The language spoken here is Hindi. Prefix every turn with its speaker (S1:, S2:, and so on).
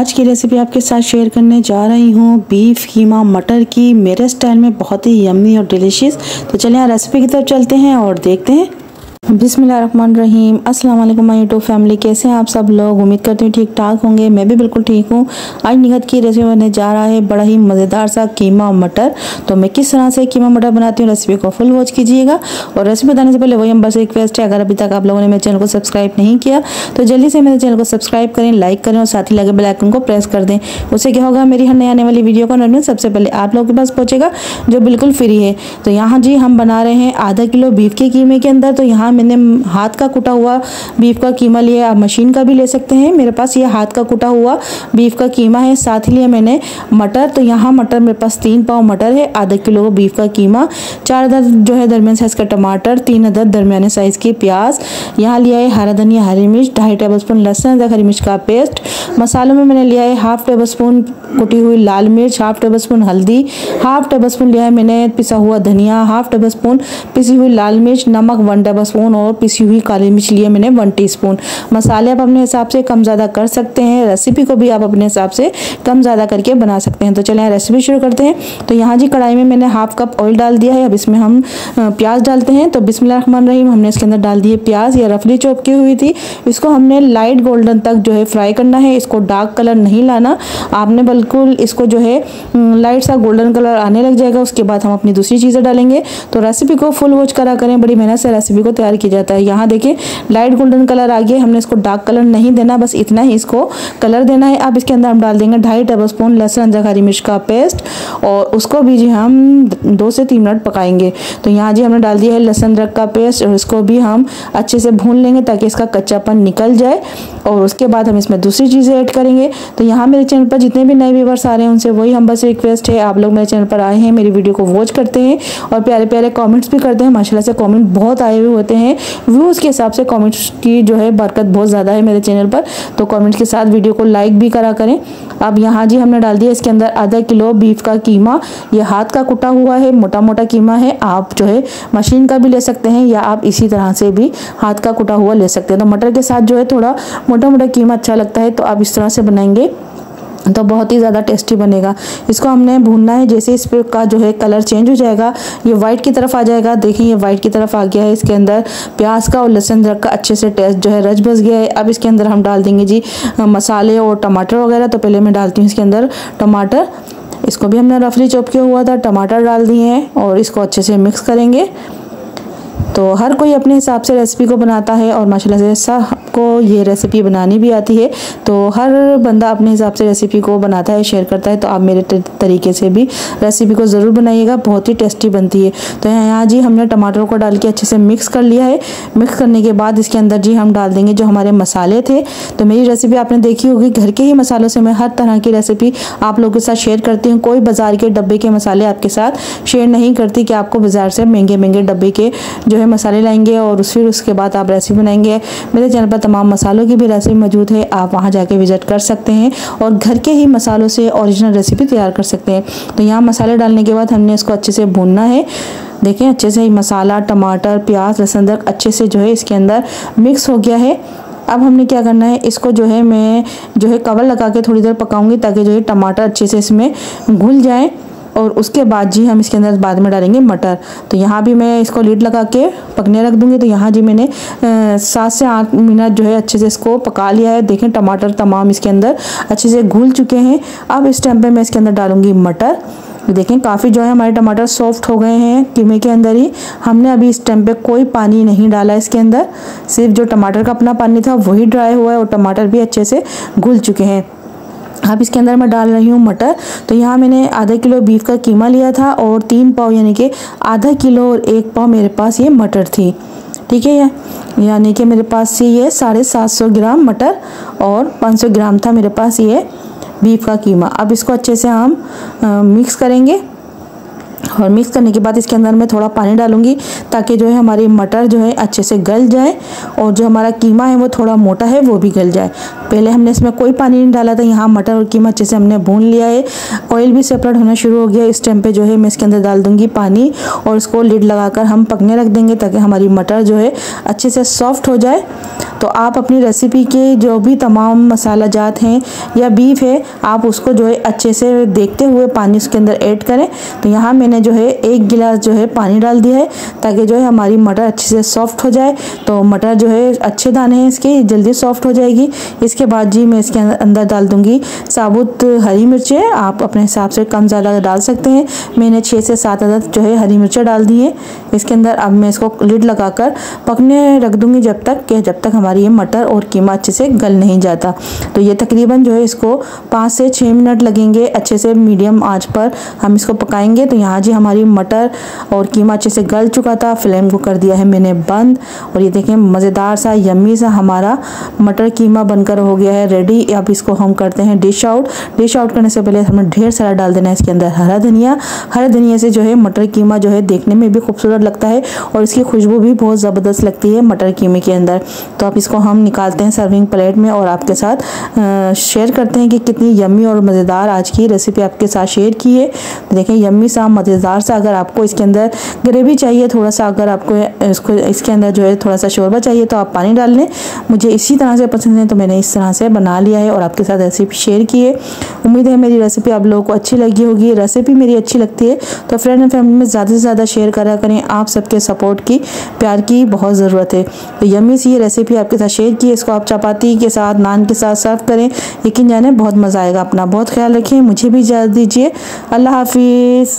S1: आज की रेसिपी आपके साथ शेयर करने जा रही हूँ बीफ कीमा मटर की मेरे स्टाइल में बहुत ही यम्मी और डिलीशियस तो चलिए रेसिपी की तरफ चलते हैं और देखते हैं बिसमीम अल्लाम माई यूट्यूब फैमिली कैसे हैं आप सब लोग उम्मीद करती हूँ ठीक ठाक होंगे मैं भी बिल्कुल ठीक हूँ आज निहत की रेसिपी बनने जा रहा है बड़ा ही मज़ेदार सा कीमा मटर तो मैं किस तरह से कीमा मटर बनाती हूँ रेसिपी को फुल वॉच कीजिएगा और रेसिपी बताने से पहले वही हम बस रिक्वेस्ट है अगर अभी तक आप लोगों ने मेरे चैनल को सब्सक्राइब नहीं किया तो जल्दी से मेरे चैनल को सब्सक्राइब करें लाइक करें और साथ ही लगे बेलाइकन को प्रेस कर दें उससे क्या होगा मेरी हर नई आने वाली वीडियो का नोटिफिकेशन सबसे पहले आप लोगों के पास पहुँचेगा जो बिल्कुल फ्री है तो यहाँ जी हम बना रहे हैं आधा किलो बीफ के कीमे के अंदर तो यहाँ यहाँ मैंने हाथ का कुटा हुआ बीफ का कीमा लिया आप मशीन का भी ले सकते हैं मेरे पास ये हाथ का कुटा हुआ बीफ का कीमा है साथ ही लिया मैंने मटर तो यहाँ मटर मेरे पास तीन पाव मटर है आधा किलो बीफ का कीमा चार अदर जो है दरमियान साइज़ का टमाटर तीन अदर दरमियाने साइज़ की प्याज यहाँ लिया है हरा धनिया हरी मिर्च ढाई टेबल स्पून लहसुन अदरक हरी मिर्च का पेस्ट मसालों में मैंने लिया है हाफ टेबल स्पून कुटी हुई लाल मिर्च हाफ टेबल स्पून हल्दी हाफ टेबल स्पून लिया है मैंने पिसा हुआ धनिया हाफ टेबल स्पून पिसी हुई लाल मिर्च नमक वन टेबल स्पून और पिसी हुई काली मिर्च लिया मैंने वन टी मसाले आप अपने हिसाब से कम ज़्यादा कर सकते हैं रेसिपी को भी आप अपने हिसाब से कम ज़्यादा करके बना सकते हैं तो चले रेसिपी शुरू करते हैं तो यहाँ जी कढ़ाई में मैंने हाफ कप ऑयल डाल दिया है अब इसमें हम प्याज डालते हैं तो बिस्मिल्लाहमान रहीम हमने इसके अंदर डाल दिए प्याज या रफली चौपकी हुई थी इसको हमने लाइट गोल्डन तक जो है फ्राई करना है इसको डार्क कलर नहीं लाना आपने बिल्कुल इसको जो है लाइट हम्म, सा गोल्डन कलर आने लग जाएगा उसके बाद हम अपनी दूसरी चीज़ें डालेंगे तो रेसिपी को फुल वॉच करा करें बड़ी मेहनत से रेसिपी को तैयार किया जाता है यहाँ देखें लाइट गोल्डन कलर आ गया हमने इसको डार्क कलर नहीं देना बस इतना ही इसको कलर देना है अब इसके अंदर हम डाल देंगे ढाई टेबल स्पून लहसुन अंजा हरी मिर्च का पेस्ट और उसको भी जी हम दो से तीन मिनट पकाएंगे तो यहाँ जी हमने डाल दिया है लहसुन रख का पेस्ट और इसको भी हम अच्छे से भून लेंगे ताकि इसका कच्चापन निकल जाए और उसके बाद हम इसमें दूसरी चीज़ें चीज़ें ऐड करेंगे तो यहाँ मेरे चैनल पर जितने भी नए व्यूवर्स आ रहे हैं उनसे वही हम बस रिक्वेस्ट है आप लोग मेरे चैनल पर आए हैं मेरी वीडियो को वॉच करते हैं और प्यारे प्यारे कॉमेंट्स भी करते हैं माशाला से कॉमेंट बहुत आए हुए होते हैं व्यूज़ के हिसाब से कॉमेंट्स की जो है बरकत बहुत ज़्यादा है मेरे चैनल पर तो कॉमेंट्स के साथ वीडियो को लाइक भी करा करें अब यहाँ जी हमने डाल दिया इसके अंदर आधा किलो बीफ का कीमा ये हाथ का कुटा हुआ है मोटा मोटा कीमा है आप जो है मशीन का भी ले सकते हैं या आप इसी तरह से भी हाथ का कुटा हुआ ले सकते हैं तो मटर के साथ जो है थोड़ा मोटा मोटा कीमा अच्छा लगता है तो आप आप इस तरह से बनाएंगे तो बहुत ही ज़्यादा टेस्टी बनेगा इसको हमने भूनना है जैसे इस पर का जो है कलर चेंज हो जाएगा ये वाइट की तरफ आ जाएगा देखिए ये वाइट की तरफ आ गया है इसके अंदर प्याज का और लहसुन अदरक का अच्छे से टेस्ट जो है रच बस गया है अब इसके अंदर हम डाल देंगे जी मसाले और टमाटर वगैरह तो पहले मैं डालती हूँ इसके अंदर टमाटर इसको भी हमने रफली चौपके किया हुआ था टमाटर डाल दिए हैं और इसको अच्छे से मिक्स करेंगे तो हर कोई अपने हिसाब से रेसिपी को बनाता है और माशाल्लाह से सबको ये रेसिपी बनानी भी आती है तो हर बंदा अपने हिसाब से रेसिपी को बनाता है शेयर करता है तो आप मेरे तरीके से भी रेसिपी को ज़रूर बनाइएगा बहुत ही टेस्टी बनती है तो यहाँ जी हमने टमाटर को डाल के अच्छे से मिक्स कर लिया है मिक्स करने के बाद इसके अंदर जी हम डाल देंगे जो हमारे मसाले थे तो मेरी रेसिपी आपने देखी होगी घर के ही मसालों से मैं हर तरह की रेसिपी आप लोगों के साथ शेयर करती हूँ कोई बाज़ार के डब्बे के मसाले आपके साथ शेयर नहीं करती कि आपको बाज़ार से महंगे महंगे डब्बे के जो है मसाले लाएंगे और फिर उसके बाद आप रेसिपी बनाएंगे मेरे चैनल पर तमाम मसालों की भी रेसिपी मौजूद है आप वहाँ जाके विज़िट कर सकते हैं और घर के ही मसालों से ओरिजिनल रेसिपी तैयार कर सकते हैं तो यहाँ मसाले डालने के बाद हमने इसको अच्छे से भूनना है देखें अच्छे से ही मसाला टमाटर प्याज लहसुन अदरक अच्छे से जो है इसके अंदर मिक्स हो गया है अब हमने क्या करना है इसको जो है मैं जो है कवर लगा के थोड़ी देर पकाऊंगी ताकि जो है टमाटर अच्छे से इसमें घुल जाए और उसके बाद जी हम इसके अंदर बाद में डालेंगे मटर तो यहाँ भी मैं इसको लीड लगा के पकने रख दूँगी तो यहाँ जी मैंने सात से आठ मिनट जो है अच्छे से इसको पका लिया है देखें टमाटर तमाम इसके अंदर अच्छे से घुल चुके हैं अब इस टाइम पर मैं इसके अंदर डालूँगी मटर देखें काफ़ी जो है हमारे टमाटर सॉफ्ट हो गए हैं कीमे के अंदर ही हमने अभी इस टाइम पे कोई पानी नहीं डाला इसके अंदर सिर्फ जो टमाटर का अपना पानी था वही ड्राई हुआ है और टमाटर भी अच्छे से घुल चुके हैं अब इसके अंदर मैं डाल रही हूँ मटर तो यहाँ मैंने आधा किलो बीफ का कीमा लिया था और तीन पाव यानी कि आधा किलो और एक पाव मेरे पास ये मटर थी ठीक है यानी कि मेरे पास ये साढ़े सात सौ ग्राम मटर और पाँच सौ ग्राम था मेरे पास ये बीफ का कीमा अब इसको अच्छे से हम आ, मिक्स करेंगे और मिक्स करने के बाद इसके अंदर मैं थोड़ा पानी डालूंगी ताकि जो है हमारी मटर जो है अच्छे से गल जाए और जो हमारा कीमा है वो थोड़ा मोटा है वो भी गल जाए पहले हमने इसमें कोई पानी नहीं डाला था यहाँ मटर और कीमा अच्छे से हमने भून लिया है ऑयल भी सेपरेट होना शुरू हो गया इस टाइम पर जो है मैं इसके अंदर डाल दूँगी पानी और इसको लिड लगा हम पकने रख देंगे ताकि हमारी मटर जो है अच्छे से सॉफ्ट हो जाए तो आप अपनी रेसिपी के जो भी तमाम मसाला जात हैं या बीफ है आप उसको जो है अच्छे से देखते हुए पानी उसके अंदर ऐड करें तो यहाँ मैंने जो है एक गिलास जो है पानी डाल दिया है ताकि जो है हमारी मटर अच्छे से सॉफ्ट हो जाए तो मटर जो है अच्छे दाने हैं इसके जल्दी सॉफ्ट हो जाएगी इसके बाद जी मैं इसके अं-, अंदर डाल दूँगी साबुत हरी मिर्चें आप अपने हिसाब से कम ज़्यादा डाल सकते हैं मैंने छः से सात अदद जो है हरी मिर्चें डाल दी है इसके अंदर अब मैं इसको लिड लगा पकने रख दूँगी जब तक कि जब तक हमारे हमारी ये मटर और कीमा अच्छे से गल नहीं जाता तो ये तकरीबन जो है इसको पाँच से छः मिनट लगेंगे अच्छे से मीडियम आँच पर हम इसको पकाएंगे तो यहाँ जी हमारी मटर और कीमा अच्छे से गल चुका था फ्लेम को कर दिया है मैंने बंद और ये देखें मज़ेदार सा यम्मी सा हमारा मटर कीमा बनकर हो गया है रेडी अब इसको हम करते हैं डिश आउट डिश आउट करने से पहले हमें ढेर सारा डाल देना है इसके अंदर हरा धनिया हरा धनिया से जो है मटर कीमा जो है देखने में भी खूबसूरत लगता है और इसकी खुशबू भी बहुत ज़बरदस्त लगती है मटर कीमे के अंदर तो आप इसको हम निकालते हैं सर्विंग प्लेट में और आपके साथ शेयर करते हैं कि कितनी यम्मी और मज़ेदार आज की रेसिपी आपके साथ शेयर की है तो देखें यम्मी सा मज़ेदार सा अगर आपको इसके अंदर ग्रेवी चाहिए थोड़ा सा अगर आपको इसको इसके अंदर जो है थोड़ा सा शोरबा चाहिए तो आप पानी डाल लें मुझे इसी तरह से पसंद है तो मैंने इस तरह से बना लिया है और आपके साथ रेसिपी शेयर की है उम्मीद है मेरी रेसिपी आप लोगों को अच्छी लगी होगी रेसिपी मेरी अच्छी लगती है तो फ्रेंड एंड फैमिली में ज़्यादा से ज़्यादा शेयर करा करें आप सबके सपोर्ट की प्यार की बहुत ज़रूरत है तो यम्मी सी ये रेसिपी आप आपके साथ शेयर किए इसको आप चपाती के साथ नान के साथ सर्व करें यकीन जाने बहुत मज़ा आएगा अपना बहुत ख्याल रखें मुझे भी इजाज़त दीजिए अल्लाह हाफिज़